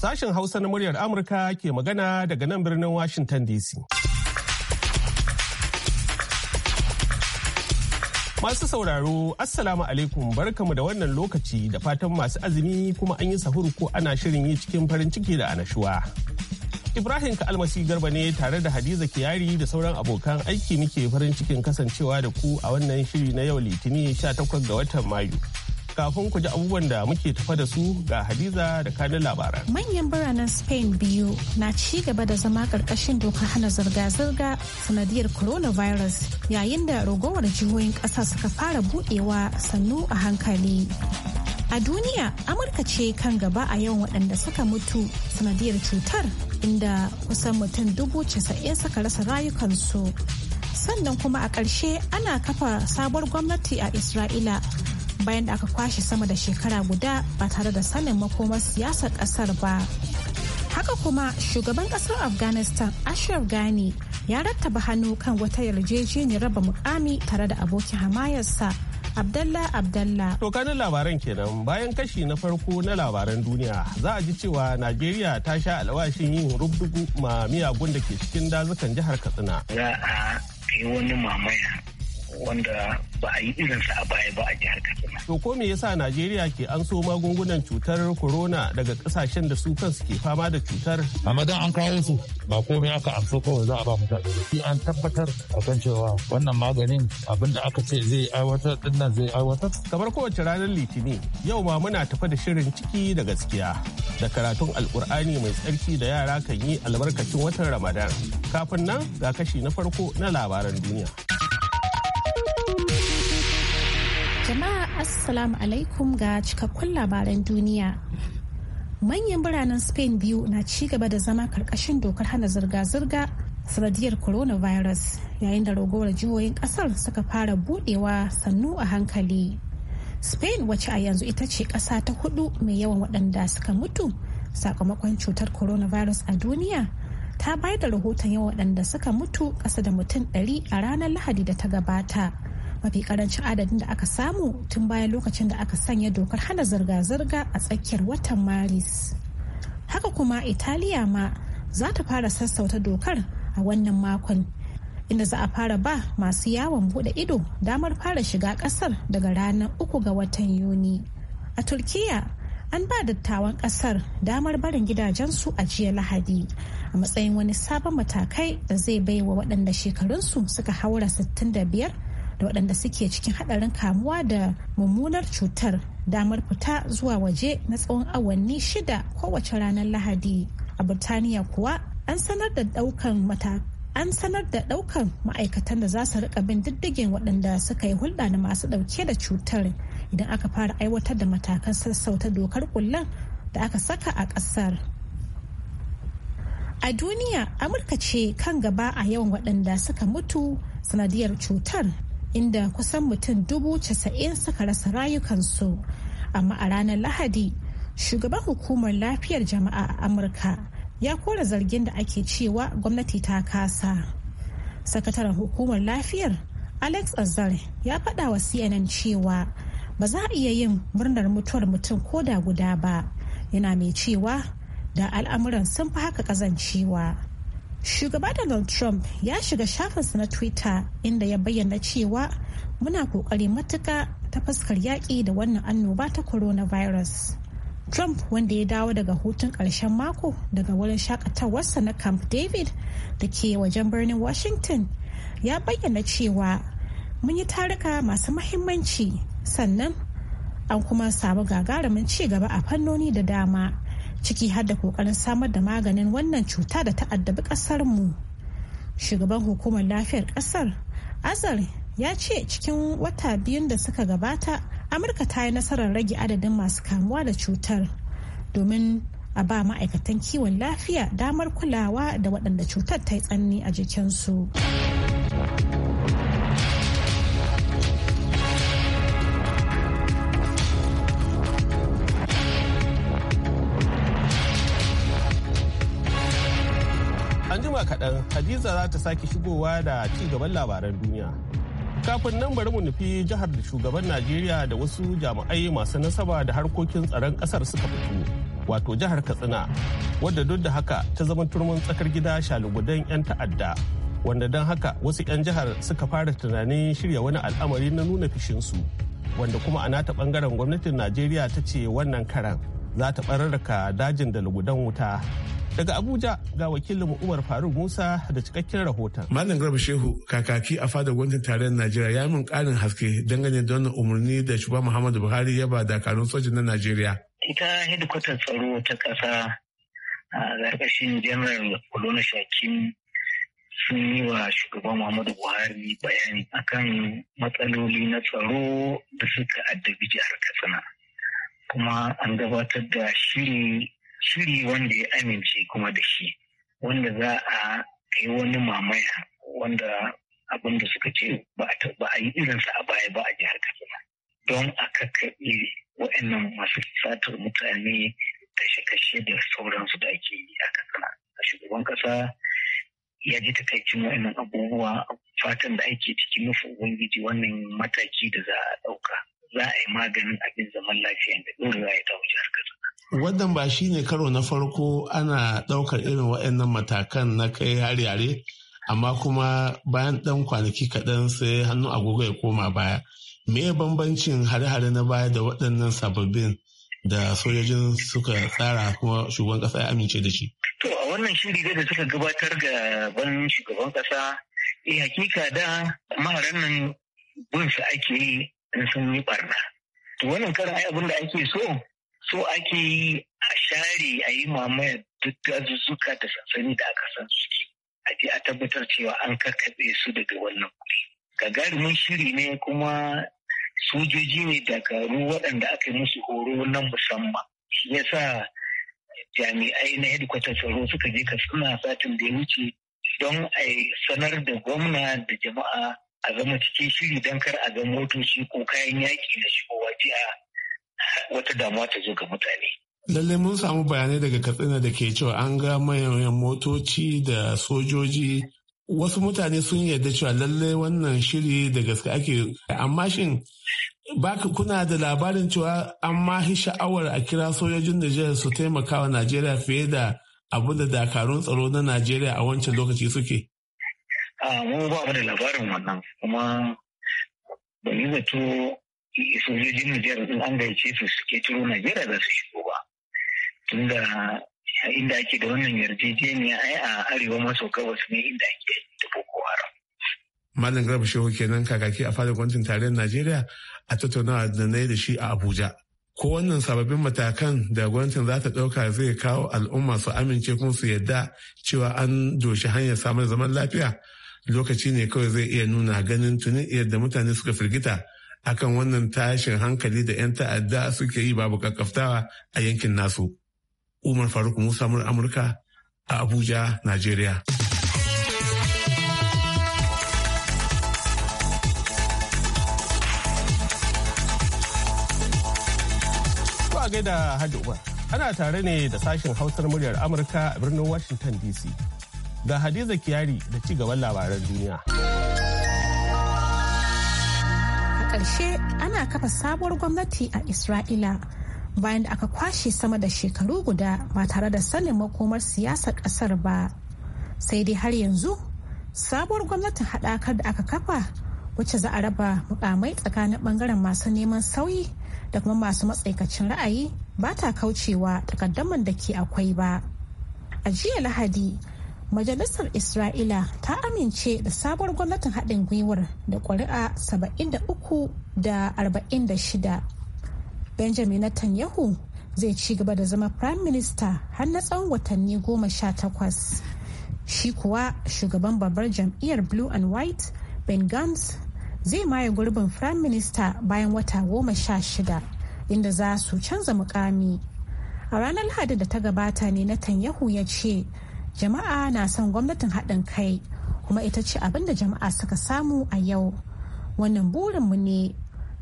Sashen Hausa na muryar Amurka ke magana daga nan birnin Washington DC. Masu sauraro, Assalamu alaikum barkamu da wannan lokaci da fatan masu azumi kuma an yi sahuru ko ana shirin yi cikin farin ciki da anashuwa. Ibrahim Ka'almasi Garba ne tare da Hadiza Kiyari da sauran abokan aiki muke farin cikin kasancewa da ku a wannan shiri na yau Litinin 18 ga watan Mayu. kafin ku ji abubuwan da muke tafa da su ga Hadiza da kanin labaran. Manyan biranen Spain biyu na ci gaba da zama karkashin dokar hana zirga-zirga sanadiyar coronavirus yayin da rogowar jihohin ƙasa suka fara buɗewa sannu a hankali. A duniya, Amurka ce kan gaba a yawan waɗanda suka mutu sanadiyar cutar inda kusan mutum dubu casa'in suka rasa rayukansu. Sannan kuma a ƙarshe ana kafa sabuwar gwamnati a Isra'ila bayan da aka kwashe sama da shekara guda ba tare da sanin makomar siyasar kasar ba haka kuma shugaban kasar afghanistan ashraf ghani ya rattaba hannu kan wata yarjejeniyar raba mukami tare da abokin hamayarsa Abdallah Abdallah. To kanin labaran kenan bayan kashi na farko na labaran duniya za a ji cewa Najeriya ta sha alwashin yin rubdugu ma miyagun da ke cikin dazukan jihar Katsina. Za a yi wani mamaya wanda ba a yi irinsa a baya ba a jihar Katsina. To ko me yasa Najeriya ke an so magungunan cutar corona daga kasashen da su kansu ke fama da cutar? A madan an kawo su ba komai aka amso kawai za a ba mutane. Shi an tabbatar akan cewa wannan maganin abin da aka ce zai aiwatar din nan zai aiwatar. Kamar kowace ranar Litinin yau ma muna tafa da shirin ciki da gaskiya da karatun alkur'ani mai tsarki da yara kan yi albarkacin watan Ramadan. Kafin nan ga kashi na farko na labaran duniya. Jama'a Assalamu alaikum ga cikakkun labaran duniya. Manyan biranen Spain biyu na ci gaba da zama karkashin dokar hana zirga-zirga sanadiyar coronavirus yayin da rogowar jihohin kasar suka fara budewa sannu a hankali. Spain wacce a yanzu ita ce ƙasa ta hudu mai yawan waɗanda suka mutu sakamakon cutar coronavirus a duniya ta bayar da rahoton yawan waɗanda suka mutu ƙasa da mutum 100 a ranar Lahadi da ta gabata. mafi karancin adadin da aka samu tun bayan lokacin da aka sanya dokar hana zirga-zirga a tsakiyar watan maris haka kuma italiya ma za ta fara sassauta dokar a wannan makon inda za a fara ba masu yawon bude ido damar fara shiga kasar daga ranar uku ga watan yuni a turkiya an ba dattawan kasar damar barin gidajensu a jiya lahadi a matsayin wani sabon matakai da zai baiwa waɗanda shekarunsu suka haura 65 da waɗanda suke cikin haɗarin kamuwa da mummunar cutar damar fita zuwa waje na tsawon awanni shida kowace ranar lahadi a birtaniya kuwa an sanar da ɗaukan mata an sanar da ɗaukan ma'aikatan da za su rika bin diddigin waɗanda suka yi hulɗa da masu ɗauke da cutar idan aka fara aiwatar da matakan sassauta dokar kullum da aka saka a ƙasar a duniya amurka ce kan gaba a yawan waɗanda suka mutu sanadiyar cutar inda kusan mutum dubu casa'in suka rasa rayukansu amma a ranar lahadi shugaban hukumar lafiyar jama'a a amurka ya kora zargin da ake cewa gwamnati ta kasa sakataren hukumar lafiyar alex azar ya faɗa wa cnn cewa ba za a iya yin murnar mutuwar mutum ko da guda ba yana mai cewa da al'amuran sun fi haka kazancewa Shugaba Donald Trump ya shiga shafinsa na Twitter inda ya bayyana cewa muna kokari matuka ta fuskar yaƙi da wannan annoba ta coronavirus. Trump wanda ya dawo daga hutun ƙarshen mako daga wurin shakatawarsa na Camp David da ke wajen birnin Washington ya bayyana cewa mun yi taruka masu mahimmanci sannan an kuma samu gagarumin ci gaba a fannoni da dama ciki har da kokarin samar da maganin wannan cuta da ta addabi mu shugaban hukumar lafiyar ƙasar. azar ya ce cikin wata biyun da suka gabata amurka ta yi nasarar rage adadin masu kamuwa da cutar domin a ba ma'aikatan kiwon lafiya damar kulawa da waɗanda cutar ta yi tsanani a jikinsu. kaɗan hadiza za ta sake shigowa da ci gaban labaran duniya kafin nan bari mu nufi jihar da shugaban najeriya da wasu jami'ai masu nasaba da harkokin tsaron ƙasar suka fito wato jihar katsina wadda duk da haka ta zama turmin tsakar gida shalugudan 'yan ta'adda wanda don haka wasu 'yan jihar suka fara tunanin shirya wani al'amari na nuna su wanda kuma a nata bangaren gwamnatin najeriya ta ce wannan karan za ta bararraka dajin da lugudan wuta Daga Abuja ga wakilinmu Umar Faruk Musa da cikakken rahoton. Malam Garba Shehu kakaki a fadar gwamnatin tarayyar Najeriya ya min karin haske dangane da wannan umarni da shugaba Muhammadu Buhari ya ba dakarun sojin na Najeriya. Ita hedikwatar tsaro ta ƙasa a ƙarƙashin General Olona Shakin sun yi wa shugaban Muhammadu Buhari bayani akan matsaloli na tsaro da suka addabi jihar Katsina. Kuma an gabatar da shiri shiri wanda ya amince kuma da shi wanda za a kai wani mamaya wanda abin da suka ce ba a yi sa a baya ba a jihar katsina don a kakkaɓe wa'annan masu satar mutane kashe-kashe da sauransu da ake yi a katsina a shugaban kasa ya ji takaicin wa'annan abubuwa fatan da ake cikin nufi ubangiji wannan mataki da za a ɗauka za a yi maganin abin zaman lafiya da ɗorewa ya dawo jihar katsina Wannan ba shi ne karo na farko ana ɗaukar irin waɗannan matakan na kai hare yare amma kuma bayan ɗan kwanaki kaɗan sai hannu agogo ya koma baya. Me bambancin hare-hare na baya da waɗannan sababbin da sojojin suka tsara kuma shugaban ƙasa ya amince da shi? To a wannan shiri da suka gabatar ga ban shugaban ƙasa, eh hakika da maharan nan bin ake yi in sun yi barna. To wannan karin ai abin da ake so so ake yi a share a yi mamaya duk gazuzzuka da sansani da aka san suke a je a tabbatar cewa an karkaɗe su daga wannan guri gagarumin shiri ne kuma sojoji ne dakaru waɗanda aka yi musu horo na musamman shi sa jami'ai na hedikwatar tsaro suka je katsina satin da ya wuce don a sanar da gwamna da jama'a a zama cikin shiri don kar a ga motoci ko kayan yaƙi na shigowa jiya? wata damuwa ta zo ga mutane. Lalle mun samu bayanai daga Katsina da ke cewa an ga mayan motoci da sojoji wasu mutane sun yarda cewa lalle wannan shiri da gaske ake amma shin baka kuna da labarin cewa an mahi sha'awar a kira sojojin Najeriya su taimaka wa Najeriya fiye da abu da dakarun tsaro na Najeriya a wancan lokaci suke? Ah, mun ba da labarin wannan kuma ban yi zato sojojin Nijar in an gaice su suke turo Najeriya za su shigo ba. Tunda inda ake da wannan yarjejeniya ai a arewa maso gabas ne inda ake da Boko Haram. Malam Garba Shehu kenan kakaki a fadar gwamnatin tarayyar Najeriya a tattaunawa da na da shi a Abuja. Ko wannan sababbin matakan da gwamnatin za ta ɗauka zai kawo al'umma su amince kuma su yadda cewa an doshi hanyar samar zaman lafiya lokaci ne kawai zai iya nuna ganin tuni yadda mutane suka firgita akan wannan tashin hankali da 'yan ta'adda suke yi babu kakkaftawa a yankin nasu. Umar Faruk Musa Amurka a Abuja, Najeriya. gaida Hajji Umar. Ana tare ne da sashen hausar muryar Amurka a birnin Washington DC. Ga Hadiza Kiyari da ci gaban labaran duniya. karshe ana kafa sabuwar gwamnati a Isra'ila bayan da aka kwashe sama da shekaru guda ba tare da sanin makomar siyasar kasar ba. Sai dai har yanzu sabuwar gwamnatin haɗakar da aka kafa wacce za a raba mukamai tsakanin bangaren masu neman sauyi da kuma masu matsaikacin ra'ayi ba ta kaucewa takaddaman da ke akwai ba. A jiya Lahadi majalisar isra'ila ta amince da sabuwar gwamnatin haɗin gwiwar da ƙuri'a 73 da 46 benjamin netanyahu zai ci gaba da zama prime minister har na tsawon watanni goma sha takwas shi kuwa shugaban babbar jam'iyyar blue and white ben gantz zai maye gurbin prime minister bayan wata goma sha shida inda za su canza mukami a ranar lahadi da ta gabata ne netanyahu ya ce jama'a na son gwamnatin haɗin kai kuma ita ce abin da jama'a suka samu a yau wannan burinmu ne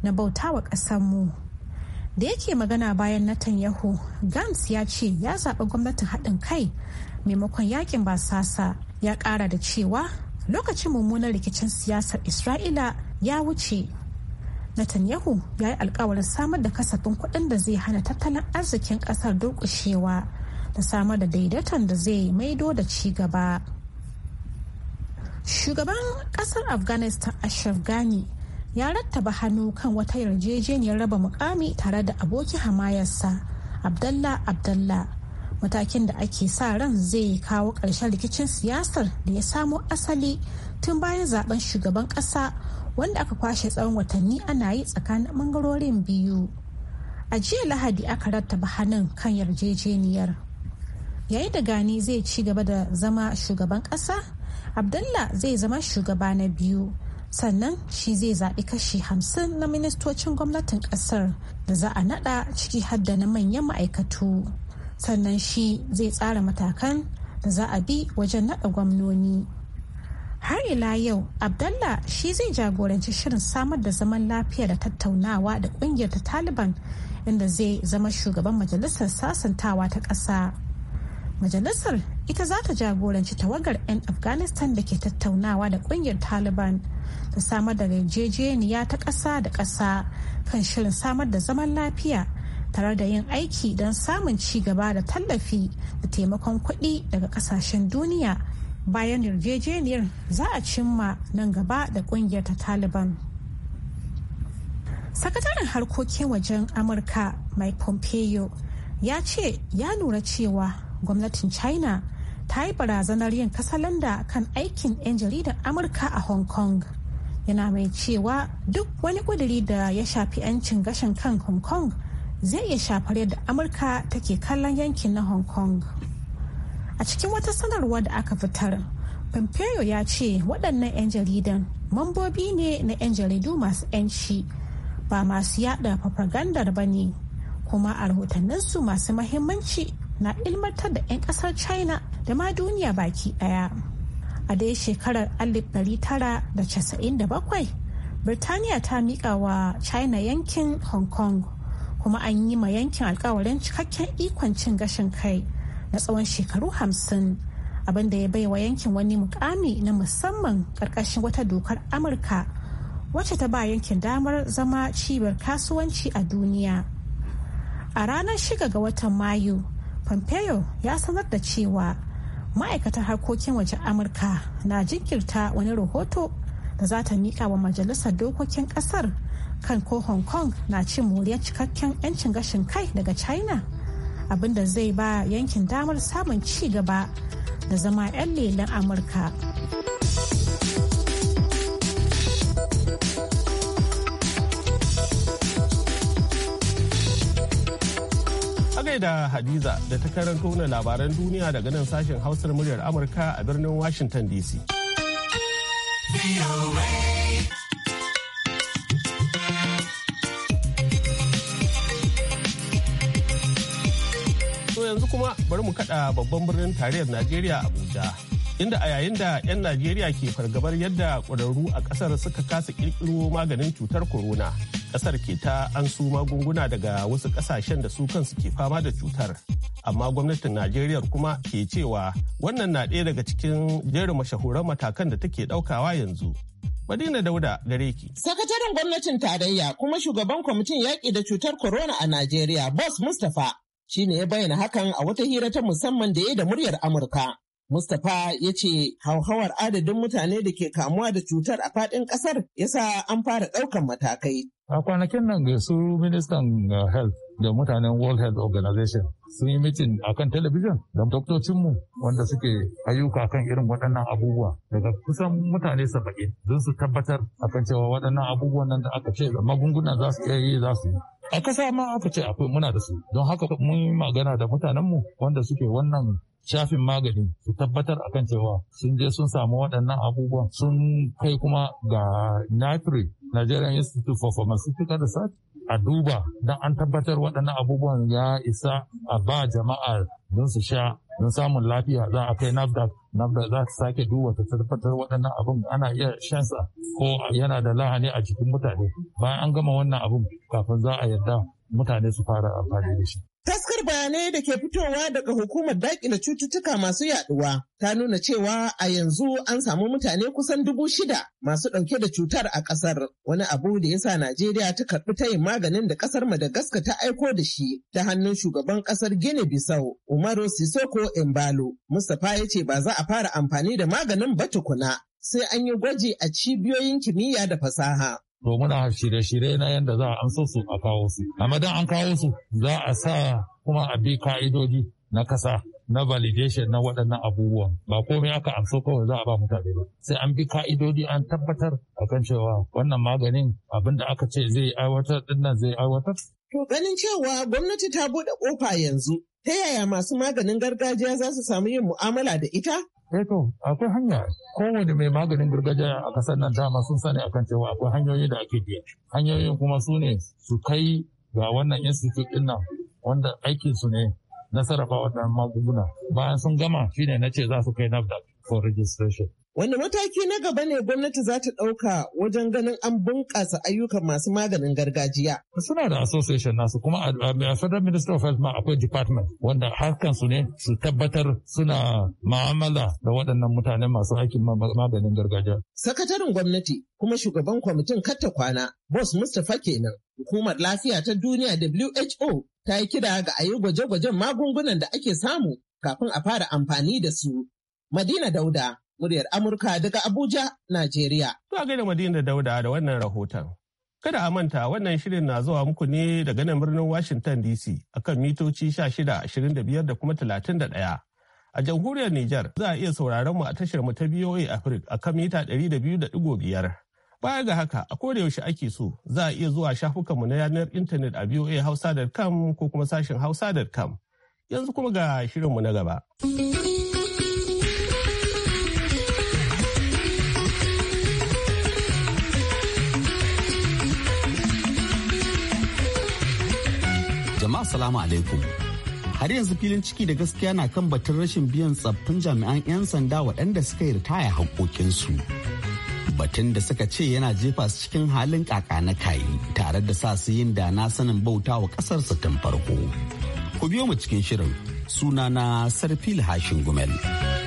na bauta bautawa ƙasarmu da yake magana bayan yahu gams ya ce ya zaɓi gwamnatin haɗin kai maimakon yakin basasa ya ƙara da cewa lokacin mummunan rikicin siyasar isra'ila ya wuce Netanyahu ya yi alkawarin samar da kasafin kuɗin da zai hana tattalin arzikin ƙasar durƙushewa ta samar da daidaiton da zai maido da ci gaba shugaban kasar afghanistan ashraf ghani ya rattaba hannu kan wata yarjejeniyar raba mukami tare da aboki hamayarsa abdallah abdallah matakin da ake sa ran zai kawo ƙarshen rikicin siyasar da ya samo asali tun bayan zaben shugaban ƙasa wanda aka kwashe tsawon watanni ana yi tsakanin ɓangarorin biyu a jiya lahadi aka rattaba hannun kan yarjejeniyar yayin da gani zai ci gaba da zama shugaban ƙasa abdullah zai zama shugaba na biyu sannan shi zai zaɓi kashi hamsin na ministocin gwamnatin ƙasar da za a naɗa ciki hadda na manyan ma'aikatu sannan shi zai tsara matakan da za a bi wajen naɗa gwamnoni har ila yau abdallah shi zai jagoranci shirin samar da zaman lafiya da tattaunawa da ƙungiyar ta taliban inda zai zama shugaban majalisar sasantawa ta ƙasa. Majalisar ita za ta jagoranci tawagar 'yan Afghanistan da ke tattaunawa da kungiyar Taliban ta samar da yarjejeniya ta ƙasa da ƙasa kan shirin samar da zaman lafiya tare da yin aiki don samun ci gaba da tallafi da taimakon kuɗi daga ƙasashen duniya bayan yarjejeniyar za a cimma nan gaba da kungiyar ta Taliban. Sakataren harkokin wajen Amurka Mike Pompeo ya ce ya lura cewa gwamnatin china ta yi barazanar yin kasalanda kan aikin 'yan jaridar amurka a hong kong yana mai cewa duk wani kuduri da ya shafi 'yancin gashin kan hong kong zai iya shafar yadda amurka take kallon yankin na hong kong a cikin wata sanarwa da aka fitar pompeo ya ce waɗannan 'yan jaridan mambobi ne na 'yan jaridu masu 'yanci ba masu yada farfagandar ba ne kuma a rahotanninsu masu mahimmanci na ilmantar da 'yan kasar china da ma duniya baki daya a dai shekarar 1997 birtaniya ta mika wa china yankin hong kong kuma an yi ma yankin alkawarin cikakken ikon cin gashin kai na tsawon shekaru hamsin abinda ya baiwa yankin wani mukami na musamman karkashin wata dokar amurka wacce ta ba yankin damar zama cibiyar kasuwanci a duniya a ranar shiga ga watan mayu pompeo ya sanar da cewa ma'aikatar harkokin waje amurka na jinkirta wani rahoto da za ta miƙa wa majalisar dokokin ƙasar kan ko hong kong na cin moriyar cikakken 'yancin gashin kai daga china abin da zai ba yankin damar samun ci gaba da zama 'yan lelen amurka. da Hadiza da ta karanto na labaran duniya daga nan sashen hausar muryar Amurka a birnin Washington DC. To yanzu kuma bari mu kada babban birnin tarayyar Najeriya Abuja. Inda a yayin da 'yan Najeriya ke fargabar yadda ƙwararru a ƙasar suka kasa ƙirƙiro maganin cutar corona. kasar ke ta an su magunguna daga wasu kasashen da su kansu ke fama da cutar amma gwamnatin najeriya kuma ke cewa wannan na ɗaya daga cikin jerin mashahuran matakan da take ɗaukawa yanzu Madina Dauda gare ki. Sakataren gwamnatin tarayya kuma shugaban kwamitin yaƙi da cutar corona a Najeriya, Boss Mustapha, shi ne ya bayyana hakan a wata hira ta musamman da ya da muryar Amurka. Mustapha ya ce hauhawar adadin mutane da ke kamuwa da cutar a faɗin ƙasar sa an fara ɗaukan matakai. A kwanakin nan ga su ministan uh, health da mutanen World Health Organization sun yi mitin a kan talabijin da doktocinmu wanda suke ayyuka kan irin waɗannan abubuwa daga kusan mutane saba'in don su tabbatar a kan cewa waɗannan abubuwan nan da aka ce magungunan za su yi za su yi. a ƙasa ma aka ce akwai muna da su don haka mun yi magana da mutanenmu wanda suke wannan shafin magani su tabbatar akan cewa sun je sun samu waɗannan abubuwan sun kai kuma ga natri Nigerian Institute for Pharmaceutical Research a duba don an tabbatar waɗannan abubuwan ya isa a ba jama'a don su sha don samun lafiya za a kai NAFDAC NAFDAC za ta sake duba ta tabbatar waɗannan abun ana iya shansa ko yana da lahani a jikin mutane bayan an gama wannan abun, kafin za a yarda mutane su fara amfani da shi. Taskar bayanai da ke fitowa daga hukumar daƙile cututtuka masu yaduwa ta nuna cewa a yanzu an samu mutane kusan dubu shida masu ɗauke da cutar a ƙasar. wani abu da yasa Najeriya ta karbi tayin maganin da ƙasar Madagascar ta aiko da shi ta hannun shugaban ƙasar Gini bissau Umaru Sisoko Embalo. Mustapha ya ce ba za a fara amfani da maganin ba tukuna sai an yi gwaji a cibiyoyin kimiyya da fasaha. to muna shirye-shirye na yadda za a amsa su a kawo su amma don an kawo su za a sa kuma a bi ka'idodi na kasa na validation na waɗannan abubuwan ba komai aka amsa kawai za a ba mutane ba sai an bi ka'idodi an tabbatar a kan cewa wannan maganin abin da aka ce zai aiwatar din nan zai aiwatar to ganin cewa gwamnati ta buɗe ƙofa yanzu ta yaya masu maganin gargajiya za su samu yin mu'amala da ita Eh akwai hanya. Kowane mai maganin gargajiya a kasar nan dama sun sani akan cewa akwai hanyoyi da ake biya. Hanyoyin kuma su ne su kai ga wannan institute ɗin nan wanda aikin su ne na sarrafa wannan magunguna. Bayan sun gama shine na ce za su kai NAFDAC for registration. Wanda mataki na gaba ne gwamnati za ta ɗauka wajen ganin an bunƙasa ayyukan masu maganin gargajiya. Suna da association nasu kuma a Federal Minister of Health ma akwai department wanda harkan su ne su tabbatar suna ma'amala da waɗannan mutane masu aikin maganin gargajiya. Sakataren gwamnati kuma shugaban kwamitin katta kwana Boss Mustapha kenan. Hukumar lafiya ta duniya WHO ta yi kira ga a yi gwaje-gwajen magungunan da ake samu kafin a fara amfani da su. Madina Dauda, muryar Amurka daga Abuja, Najeriya. a gaida Madina Dauda da wannan rahoton. Kada a manta wannan shirin na zuwa muku ne daga nan birnin Washington DC akan mitoci 16, 25 da kuma 31. A jamhuriyar Nijar za a iya sauraron mu a tashar mu ta BOA Africa akan mita 200.5. Baya ga haka a koda yaushe ake so za a iya zuwa shafukan mu na yanar intanet a Hausa.com ko kuma sashin hausa.com. Yanzu kuma ga shirinmu na gaba. Assalamu alaikum. Har yanzu filin ciki da gaskiya na kan batun rashin biyan tsaffin jami'an 'yan sanda waɗanda suka yi ritaya haƙoƙinsu. Batun da suka ce yana jefa su cikin halin kaka na kayi tare da sa su yin da na sanin bauta wa su tun farko. Ku biyo mu cikin shirin sunana Sarfil Hashin Gumel.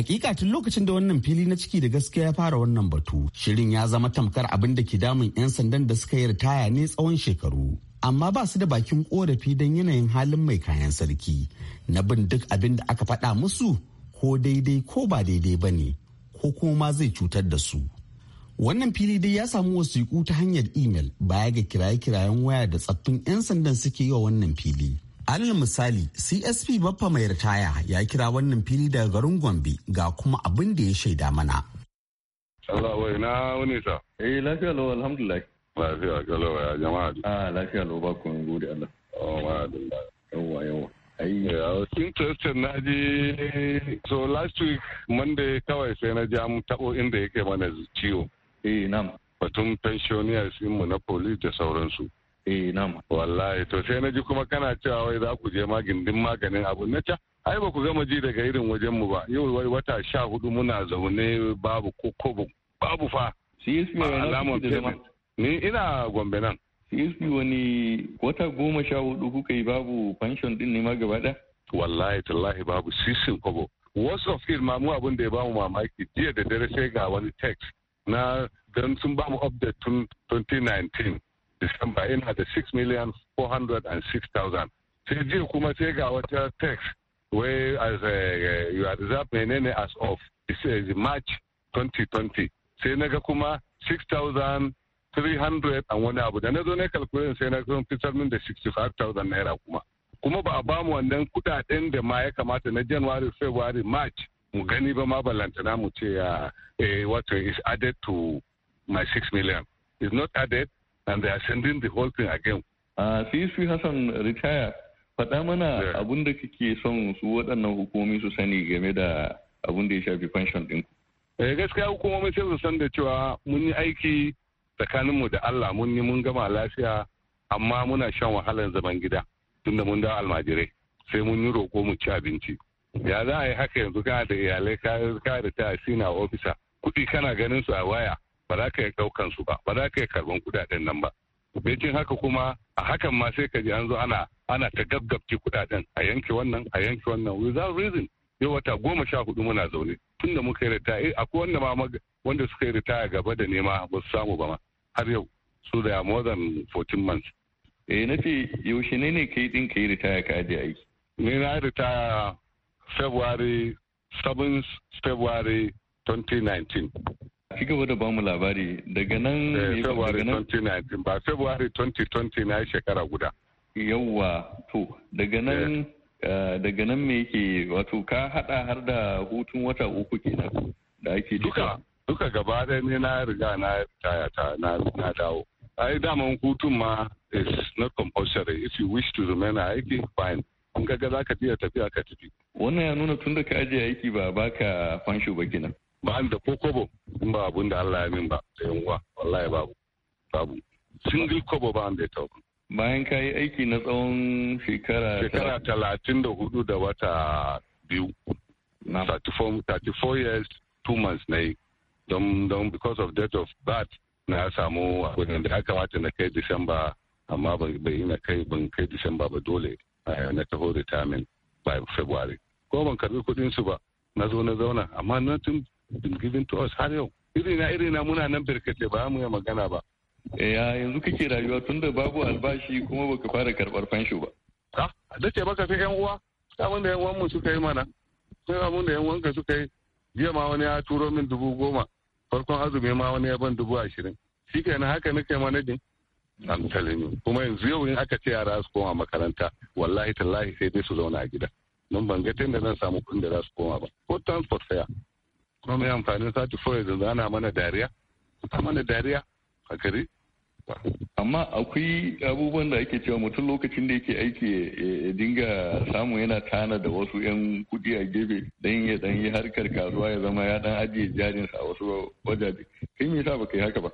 Hakika tun lokacin da wannan fili na ciki da gaskiya ya fara wannan batu, shirin ya zama tamkar abin da ke damun 'yan sandan da suka yi ritaya ne tsawon shekaru. Amma ba su da bakin korafi don yanayin halin mai kayan sarki na bin duk abin da aka faɗa musu ko daidai ko ba daidai ba ne ko kuma zai cutar da su. Wannan fili dai ya samu wasiƙu ta hanyar imel baya ga kiraye-kirayen waya da tsaffin 'yan sandan suke yi wa wannan fili. alal misali csp baffa mai ritaya ya kira wannan fili daga garin gombe ga kuma abin da ya shaida mana Allah wai na wani sa eh lafiya lo alhamdulillah lafiya ga ya jama'a ah lafiya lo ba ku gode Allah oh ma Allah yawa yawa eh, interested na ji so last week monday kawai sai na ji an taɓo inda yake mana ciwo eh nam batun pensioners mu na police da sauransu eh nam wallahi to sai na ji kuma kana cewa wai za ku je ma gindin maganin abu na ca ai ba ku gama ji daga irin wajen mu ba yau wai wata sha hudu muna zaune babu ko babu fa CSP wani da zama ni ina gombe nan CSP wani wata goma sha hudu kuka yi babu pension din ne ma gaba da wallahi tallahi babu sisin kobo worst of it ma mu abin da ya bamu mamaki jiya da dare sai ga wani text na don sun bamu update tun 2019 Disamba yana da 6 million 406,000. Sai jiya kuma sai ga wata tax wey as a uh, uh, you are reserved menene as of March 2020. Sai na ga kuma 6,300 and wani abu da na zo na calculation sai na zo fitar min da 65,000 naira kuma. Kuma ba a bamu wannan kudaden da ma ya kamata na January, February, March mu gani ba ma ballantana mu ce ya uh, eh, wato is added to my 6 million. Is not added and they are sending the whole thing again. Uh, ah, CSP Hassan retire. Faɗa mana yeah. abin da kake son su waɗannan hukumomi su sani game da abin da ya shafi pension ɗin. Eh, gaskiya hukumomi sai su san da cewa mun yi aiki tsakaninmu da Allah mun yi mun gama lafiya amma muna shan wahalar zaman gida tunda mun dawo almajirai sai mun yi roƙo mu ci abinci. Ya za a yi haka yanzu kana da iyalai ka da ta sina ofisa kuɗi kana ganin su a waya ba za ka yi ɗaukan su ba ba za ka yi karɓan kudaden nan ba bakin haka kuma a hakan ma sai ka ji an zo ana ana ta gaggabci kudaden. a yanke wannan a yanke wannan without reason yau wata goma sha hudu muna zaune tun da muka yi ritaya eh, akwai wanda ma wanda suka yi ritaya gaba da nema ba su samu ba ma har yau su da more than 14 months eh na fi yaushe ne ne kai din kai ritaya ka aje aiki ni na ritaya february 7 february 2019 Ki gaba da bamu labari daga nan eh, February 2019 ba February 2020 na shekara guda. Yawwa to daga nan eh. Eh, daga nan me yake wato ka hada har da hutun wata uku kenan da ake duka duka gaba ɗaya ne na riga na ta na na dawo. Ai daman hutun ma is not compulsory if you wish to remain aiki fine. Kun ga za ka iya tafiya ka tafi. Wannan ya nuna tun da ka ajiye aiki ba baka fansho ba kenan. ba da ko kobo in ba abun da Allah ya min ba da yan wallahi babu babu single kobo ba an da ta bayan ka yi aiki na tsawon shekara shekara talatin da hudu da wata biyu 34 years 2 months na yi don don because of death of birth na ya samu abin da ya wata na kai disamba amma bai na kai ban kai disamba ba dole na taho retirement by february ko ban karbi kudin su ba na zo na zauna amma na tun been to us har yau irina irina muna nan barkate ba mu yi magana ba eh, ya yanzu kake rayuwa tunda babu albashi kuma baka fara karbar fansho ba ka da ce baka sai yan uwa abin da yan uwan mu suka yi mana sai abin da yan uwan ka suka yi jiya ma wani ya turo min dubu goma farkon azumi ma wani ya ban dubu ashirin shikenan haka nake manajin I'm telling you kuma yanzu yau in aka ce yara su koma makaranta wallahi tallahi sai dai su zauna a gida Nun ban ga da zan samu kun da za su koma ba ko transport fare kuma mai amfanin sati foya da na mana dariya ta mana dariya a gari amma akwai abubuwan da ake cewa mutum lokacin da yake aiki ya dinga samu yana tana da wasu 'yan kudi a gefe dan ya dan yi harkar kasuwa ya zama ya dan ajiye jarinsa a wasu wajaje kai me yasa baka yi haka ba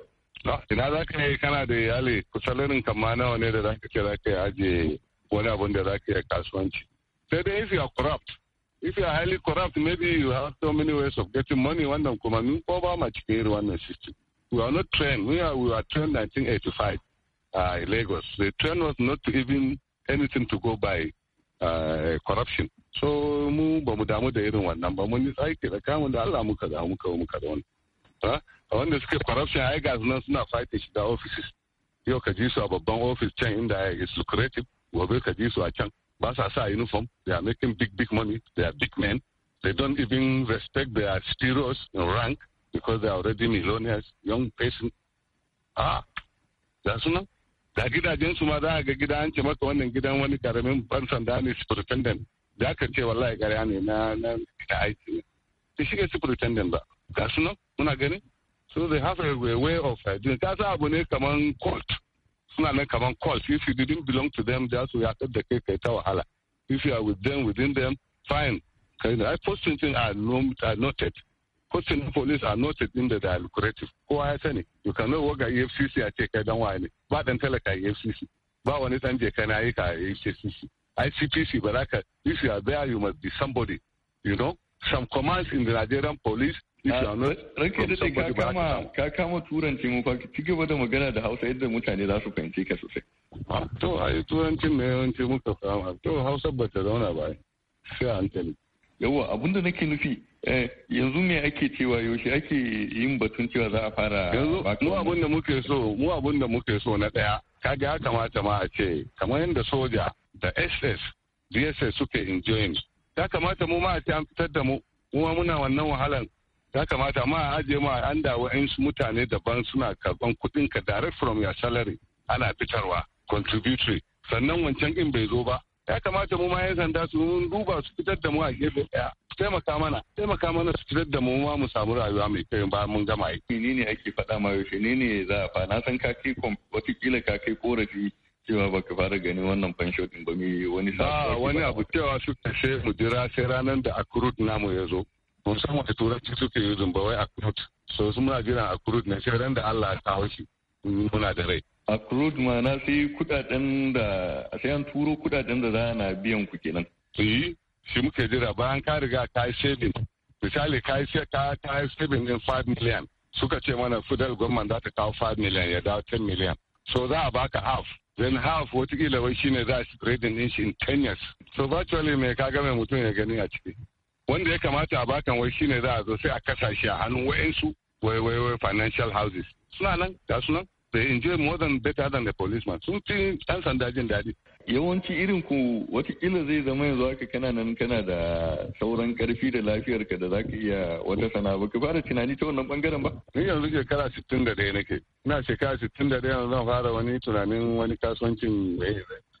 ina za ka yi kana da iyali kusalarin kama nawa ne da za ka ce za ka yi ajiye wani abun da za ka yi kasuwanci sai dai if you are corrupt if you are highly corrupt, maybe you have so many ways of getting money. One of them, over much one system. We are not trained. We are we are trained 1985 uh, in Lagos. The train was not even anything to go by uh, corruption. So mu ba mu damu da irin wannan ba mun aiki da kamun da Allah muka da muka muka da wannan. Wanda suke corruption ai ga nan suna fighting shi da offices. Yau ka ji su a babban office can inda is lucrative, gobe ka ji su a can. ba sa sa uniform. They are making big, big money. They are big men. They don't even respect their heroes in rank because they are already millionaires, young person. Ah, da su Da gidajen su ma za a ga gida ce maka wannan gidan wani karamin ban sanda ne superintendent. Da aka ce wallahi ƙarya ne na na aiki ne. Su shiga superintendent ba. Ga su nan muna gani. So they have a way of uh, doing. Ka sa abu ne kaman court. suna nan kaman calls if you didn't belong to them za su yaɗar da kai kai ta wahala if you are with them within them fine kai na ai posting din are noted posting police are noted in the deliberative kowa ya sani you cannot work at EFCC a ce kai dan waye ba dan talaka EFCC ba wani dan je kana yi e ka EFCC ICPC ba if you are there you must be somebody you know some commands in the Nigerian police Ranke da ka kama ka kama turanci mu fa ci gaba da magana da Hausa yadda mutane za su fahimce ka sosai. Ah, to ai turancin mai yawanci muka fama to Hausa ba ta zauna ba sai hankali. Yawwa abinda nake nufi eh, yanzu me ake cewa yaushe ake yin batun cewa za a fara yanzu mu abinda muke so mu abinda muke so na daya kaga ya kamata ma a ce kamar yadda soja da SS DSS suke enjoying ya kamata mu ma a ce an fitar da mu kuma muna wannan wahalan ya kamata ma a ajiye ma an da wa'insu mutane daban suna karban kuɗin ka direct from your salary ana fitarwa contributory sannan wancan in bai zo ba ya kamata mu ma yan sanda su mun duba su fitar da mu a gefe daya taimaka mana taimaka mana su fitar da mu ma mu samu rayuwa mai kyau ba mun gama yi ni ne ake faɗa ma yaushe ni ne za a fa na san ka kai watakila ka kai korafi cewa ka fara gani wannan fansho din ba mi wani sa wani abu cewa su kashe mu jira sai ranar da akurut namu ya zo mun san wata turanci suke yi zumba wai akrut so su muna jiran akrut ne sai ran da Allah ya kawo shi muna da rai akrut ma'ana sai kudaden da sai an turo kudaden da za a na biyan ku kenan yi eh, shi muke jira bayan ka riga ka yi saving misali ka yi ka ka yi saving din 5 million suka ce mana federal government za ta kawo 5 million ya dawo 10 million so za a baka half then half wata wai shine za a spreading din in 10 years so virtually me ka ga mai mutum ya gani a ciki wanda ya kamata a bakan wai shine za a zo sai a kasa shi a hannun wa'insu wai wai wai financial houses suna nan ga su nan they enjoy more than better than the policeman sun fi ɗan sanda jin daɗi. yawanci irin ku watakila zai zama yanzu haka kana nan kana da sauran karfi da lafiyar ka da za ka iya wata sana'a baka fara tunani ta wannan bangaren ba. ni yanzu shekara sittin da ɗaya nake ina shekara sittin da ɗaya yanzu zan fara wani tunanin wani kasuwancin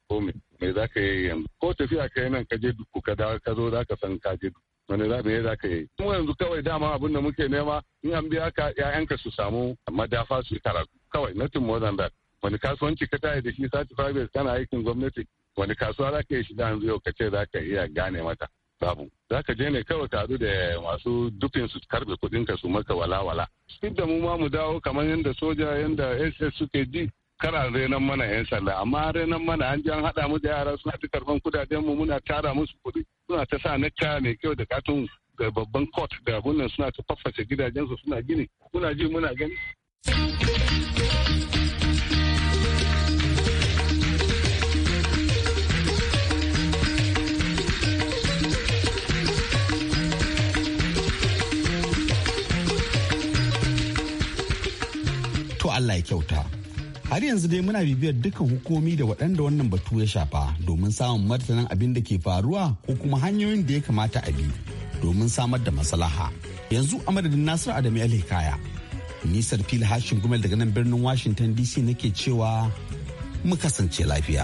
ko me me za ka yi yanzu ko tafiya ka yi nan ka je duku ka dawo ka zo za ka san ka je duku. wani za ne za ka yi mu yanzu kawai dama abin da muke nema in an biya ka ƴaƴanka su samu madafa su karatu kawai nothing more than that wani kasuwanci ka tayi da shi sati private kana aikin gwamnati wani kasuwa za ka yi da yanzu yau ka ce za ka iya gane mata babu za ka je ne kawai ka da masu dufin su karbe kuɗin ka su maka walawala. wala duk da mu ma mu dawo kamar yadda soja yadda ss suke ji kana renon mana 'yan sanda amma renon mana an an haɗa mu da yara suna ta karɓan kudaden mu muna tara musu kuɗi suna ta sa na kaya mai kyau da katon da babban court da abunan suna ta fafface gidajensu suna gini muna ji muna gani. To Allah ya kyauta. har yanzu dai muna bibiyar dukkan hukumi da waɗanda wannan batu ya shafa domin samun martanin abin da ke faruwa ko kuma hanyoyin da ya kamata a bi domin samar da maslaha yanzu a madadin nasiru adamu alhikaya nisar fil hashin gumel daga nan birnin washington dc nake cewa mu kasance lafiya.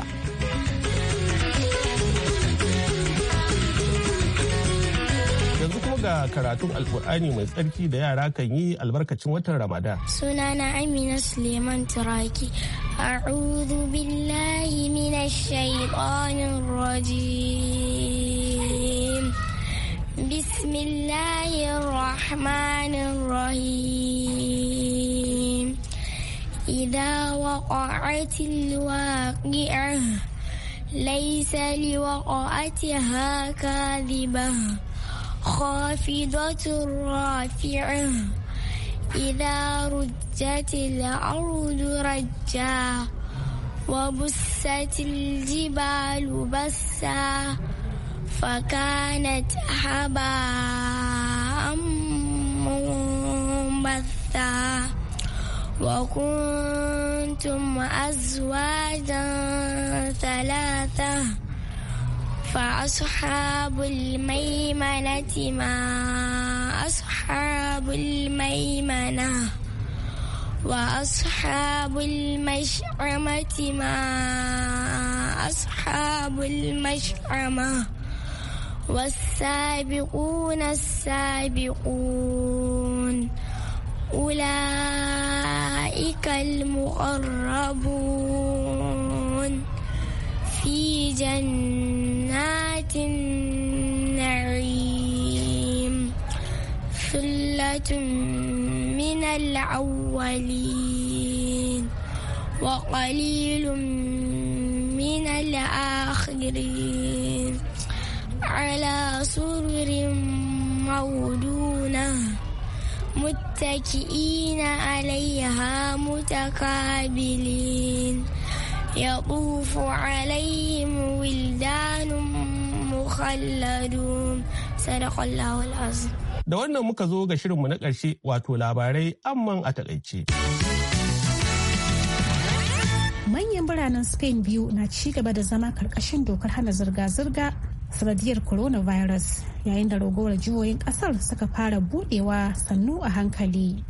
a karatun alkur'ani mai tsarki da yara kan yi albarkacin watan ramadan sunana amina suleiman turaki a'udhu billahi minash shaitanir rajim bismillahir rahmanir rahim idza waqa'atil waqi'ah laysa liwaqa'atiha kadhibah خافضة رافعة إذا رجت الأرض رجا وبست الجبال بسا فكانت هباء منبثا وكنتم أزواجا ثلاثة فأصحاب الميمنة ما أصحاب الميمنة وأصحاب المشعمة ما أصحاب المشعمة والسابقون السابقون أولئك المقربون في جنة النعيم ثلة من الأولين وقليل من الآخرين على سرر مودونة متكئين عليها متقابلين يطوف عليهم ولدان da wannan muka zo ga shirinmu na ƙarshe wato labarai amman a taƙaice manyan biranen spain biyu na ci gaba da zama karkashin dokar hana zirga-zirga sanadiyar coronavirus yayin da ragowar jihohin ƙasar suka fara buɗewa sannu a hankali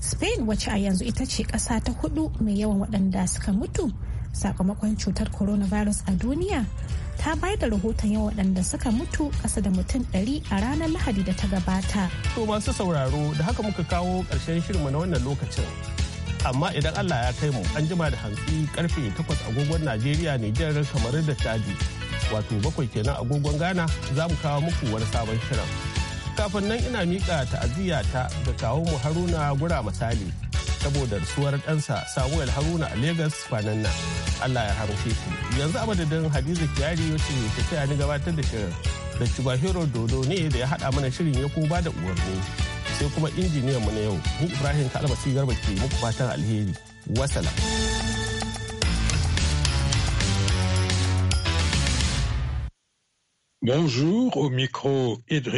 spain wacce a yanzu ita ce ƙasa ta hudu mai yawan waɗanda suka mutu sakamakon cutar coronavirus a duniya ta bayar da rahoton yawan waɗanda suka mutu ƙasa da mutum 100 a ranar lahadi da ta gabata. To masu sauraro da haka muka kawo ƙarshen shirinmu na wannan lokacin. Amma idan Allah ya kai mu an jima da hantsi karfe takwas agogon Najeriya Nijar kamar da Chadi. Wato bakwai kenan agogon Ghana za mu kawo muku wani sabon shirin. Kafin nan ina mika ta'aziyya ta ga kawo mu Haruna Gura misali. saboda rasuwar ɗansa Samuel Haruna a Legas kwanan nan. Allah ya haramce shi. Yanzu a madadin Hadiza Kiyari wacce ta taya ni gabatar da shirin. Da Chubahiro Dodo ne da ya haɗa mana shirin ya ko da uwarni. Sai kuma injiniyan mu na yau, ni Ibrahim Kalmasi Garba ke muku fatan alheri. wasala Bonjour, au micro Idriss